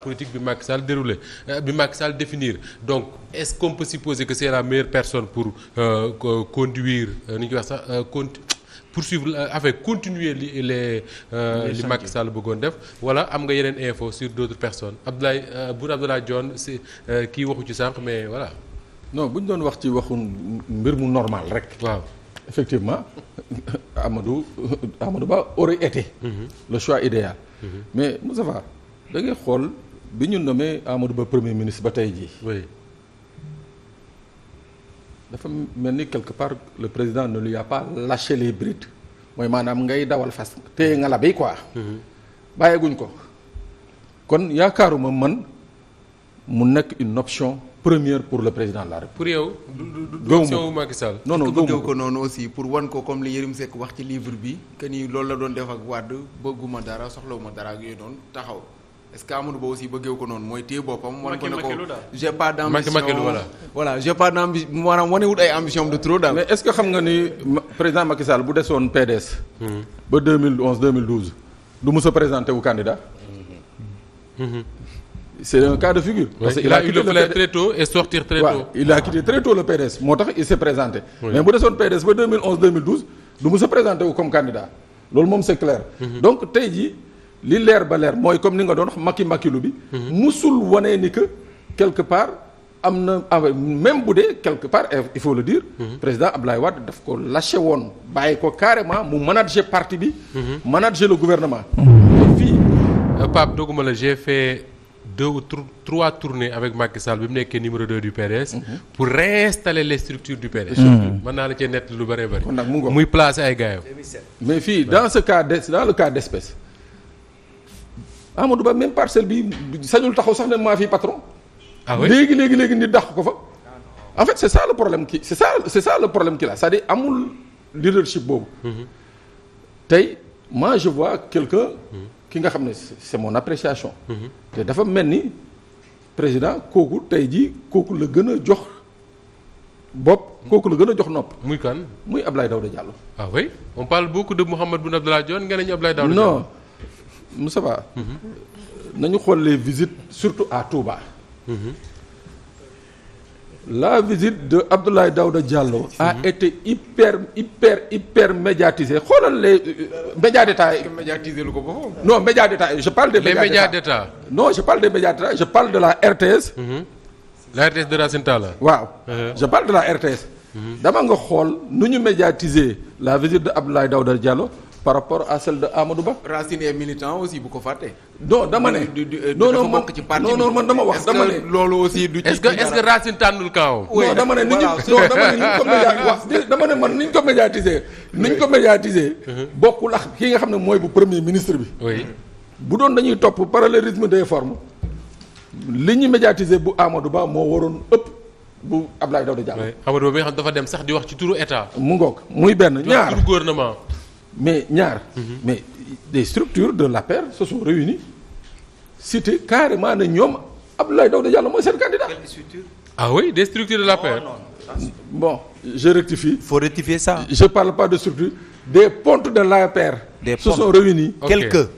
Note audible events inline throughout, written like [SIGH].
politique bi Macky Sall déroulé euh, bi Macky Sall définir donc est-ce qu'on peut supposer que c'est la meilleure personne pour euh, conduire euh, nu ñu koy wax sax euh, poursuivre affaire continuer li les li Macky Sall bëggoon def wala am nga yeneen info sur d'autres personnes Abdoulaye Boun Abdallah Dionne si kii waxu ci sànq mais wala non bu doon wax ci waxu mbir mu normal rek waaw effectivement [LAUGHS] Amadou Amadou Ba aurait été mhm. le choix idéal mhm. mais Moussa da ngay xool bi ñu nommé Amadou Ba premier ministre ba tey jii. oui dafa mel ni quelque part le président ne lui a pas lâché les brides mooy maanaam ngay dawal fas te nga la bi quoi. Mm-hmm. bàyyeeguñ ko. kon yaakaaruma man mu nekk une option. première pour le président de la pour yow du du Macky Sall. non non gëw ko noonu aussi pour wan ko comme li Yérim Seck wax ci livre bi que ni loolu la doon def ak wàdd bëgguma dara soxlawuma dara ak yooyu doon taxaw. est-ce que Amadou Ba aussi bëggee ko noonu mooy téye boppam. wan ko ne ko j'ai pas d'ambition voilà. voilà j'ai pas daal. mais est-ce que xam nga ni président Macky bu desoon PDS. ba du mës a présenté wu a quitté le très tôt et sortir très il a quitté très tôt le moo tax il s'est présenté. mais bu desoon PDS ba du mës a comme candidat loolu moom c'est clair. Mhm. donc tey jii. li leer ba leer mooy comme ni nga doon wax makki makkilu bi. Mhm. musul wanee ni que quelque part am na ah même bu dee quelque part eh, il faut le dire. Mhm. président Abdoulaye Wade daf ko lâché woon bàyyi ko carrément mu manager parti bi. Mhm. manager le gouvernement. fii. Euh, Pape doguma la j'ai fait deux ou trois tournées avec Macky Sall bi mu nekkee numéro 2 du PDS. pour réinstaller les structures du PDS. mën naa la cee nett lu bëree bëri. muy placer ay gaayam mais fii dans ce cas de dans Amadou Ba même parcelle bi sañul taxaw sax ne maa fi patron. ah oui léegi léegi léegi ndi dàq ko fa. en fait c' ça le problème ki c' est ça c' problème ki la c' est amul leadership boobu. Mm-hmm. tey moi je vois quelqu'un mm-hmm. ki nga xam ne c' est mon appréciation. Mm-hmm. te dafa mel ni président kooku tey jii kooku la gën a jox bopp kooku la gën a jox nopp. muy kan muy Abdoulaye Daouda Diallo. ah oui on parle beaucoup de Mouhamed Boun Abdallah Dionne nga ne ñu Abdoulaye Daouda Diallo Moussa Ba nañu xool les visites surtout à Touba. Mmh. la visite de Abdoulaye Daouda Diallo. a mmh. été hyper hyper hyper médiatisée xoolal euh, euh, lu ko foofu. non médias d'État je parle des. les médias d'État non je parle des médias d'État je parle de la RTS. Mmh. la RTS de Racine waaw uh-huh. je parle de la RTS. Mhm. dama nga xool nu ñu médiatiser la visite de Abdoulaye Daouda Diallo. par rapport à celle de Amadou Ba. Racine est militant aussi bu ko fàtte. non dama ne. Euh, non non man non non man dama wax dama ne. loolu aussi du ci. est-ce que est Racine tànnul kaawam. non dama ne ni ñu ko [LAUGHS] médiat wax man ñu ko médiatiser. ni ñu ko médiatiser. Uh-huh. bokkul ak ki nga xam ne mooy bu premier ministre bi. oui bu doon dañuy topp parallélisme des forme li ñu médiatiser bu Amadou Ba moo waroon ëpp. bu Abdoulaye Daouda Diallo. Amadou Ba bi nga xam dafa dem sax di wax ci turu état. mu ngoog muy benn ñaar góor mais ñaar. mais des structures de l'APR se sont réunies cité carrément ne ñoom Abdoulaye Daouda Diallo mooy seen candidat. ah oui des structures de l'APR. non bon je rectifie. faut rectifier ça. je parle pas de structure des pontes de l'APR. des pontes se sont réunies. quelques.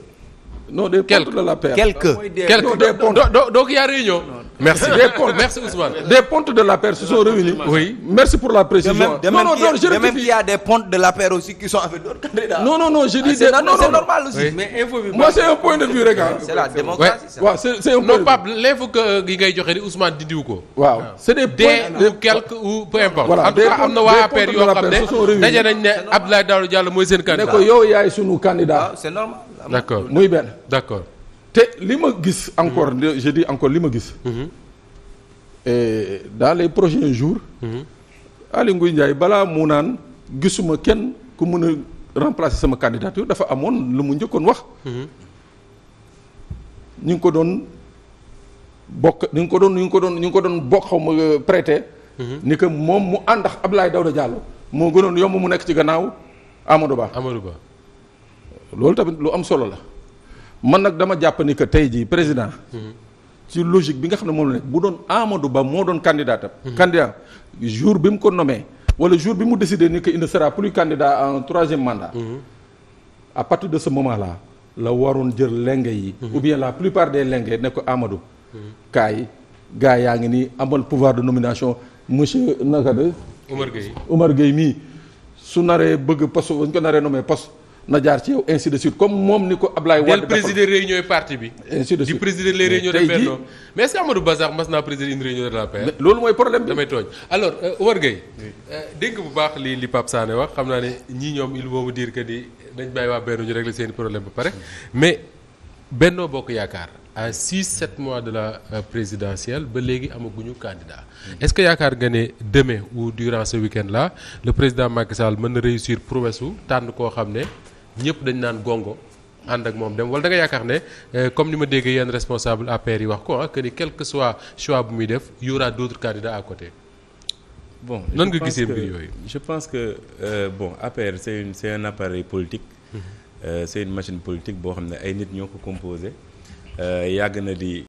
non des pontes de l'APR. quelques quelques donc donc y a réunion. merci des pontes de la paire se sont réunis. oui merci pour la précision. de même, non non non je de même qu'il y a des pontes de la paire aussi qui sont avec d'autres candidats. non non non je dis. Ah, c'est normal aussi. mais info bi. moi c'est un point de vue rek ah. c'est la démocratie. waaw c'est point de vue non Pape l'info que gi ngay joxe di diw ko. waaw ah. c'est des des pontes de la paire mooy seen candidat. ne ko yow yaay sunu candidat. Ah, d'accord muy benn. d'accord te li ma gis. encore li ma gis. Mhm. et dans les prochains jours. Aly Ndiaye balaa mu naan gisuma kenn ku mën a remplacer sama candidature dafa amoon lu mu njëkkoon wax. ñu ngi ko doon bokk ñu ngi ko doon ñu ngi ko doon ñu ngi ko doon bokk xaw ma euh, prêter. ni que moom mu ànd ak Abdoulaye Daouda Diallo moo gënoon yomb mu nekk ci gannaaw Amadou Ba. Amadou Ba loolu tamit lu am solo la man nag dama jàpp ni que tey jii président. Mhm. ci logique bi nga xam ne moom la nekk bu doon Amadou Ba moo doon candidat am. Mhm. jour bi mu ko nommé wala jour bi mu décidé ni que il ne sera plus candidat à un troisième mandat. Mhm. à partir de ce moment là la waroon jël lenge yi. Mhm. ou bien la plupart des lenge ne ko Amadou. kaay gaa yaa ngi nii amal pouvoir de nomination monsieur naka de. Omar Gueye mii su naree bëgg poste bu ñu ko naree nommé poste. na jaar ci yow ainsi de suite comme moom ni ko Ablaye Wade. dafa présider réunion yi parti bi. ainsi de suite di présider les réunions de Benno mais est-ce que Amadou Bazar mas naa présider une réunion de la paix. loolu mooy problème bi damay tooñ. alors euh, Omar Gueye. Euh, dégg bu baax li li Pape Sané wax xam naa ne ñii ñoom il faut diir dire di ni dañ bàyyi waa Benno ñu régler seeni problème ba pare mais Benno Bokk Yaakaar à 6 7 mois de la euh, présidentielle ba léegi amaguñu candidat est-ce que yaakaar nga ne demain ou durant ce week-end président Macky Sall mën na réussir prouesse su tànn koo xam ne. ñëpp dañu naan gongo ànd ak moom dem wala da yaakaar ne euh, comme ni ma dégg yenn responsable APR yi wax ko ak ah, que ni quel que soit bu muy def y aura d'autres candidats à côté. bon nan nga gisee mbir yooyu. je pense que euh, bon APR c'est une c'est un appareil politique. Mm-hmm. Euh, c'est une machine politique boo xam ne ay nit ñoo ko composé euh, yàgg na di.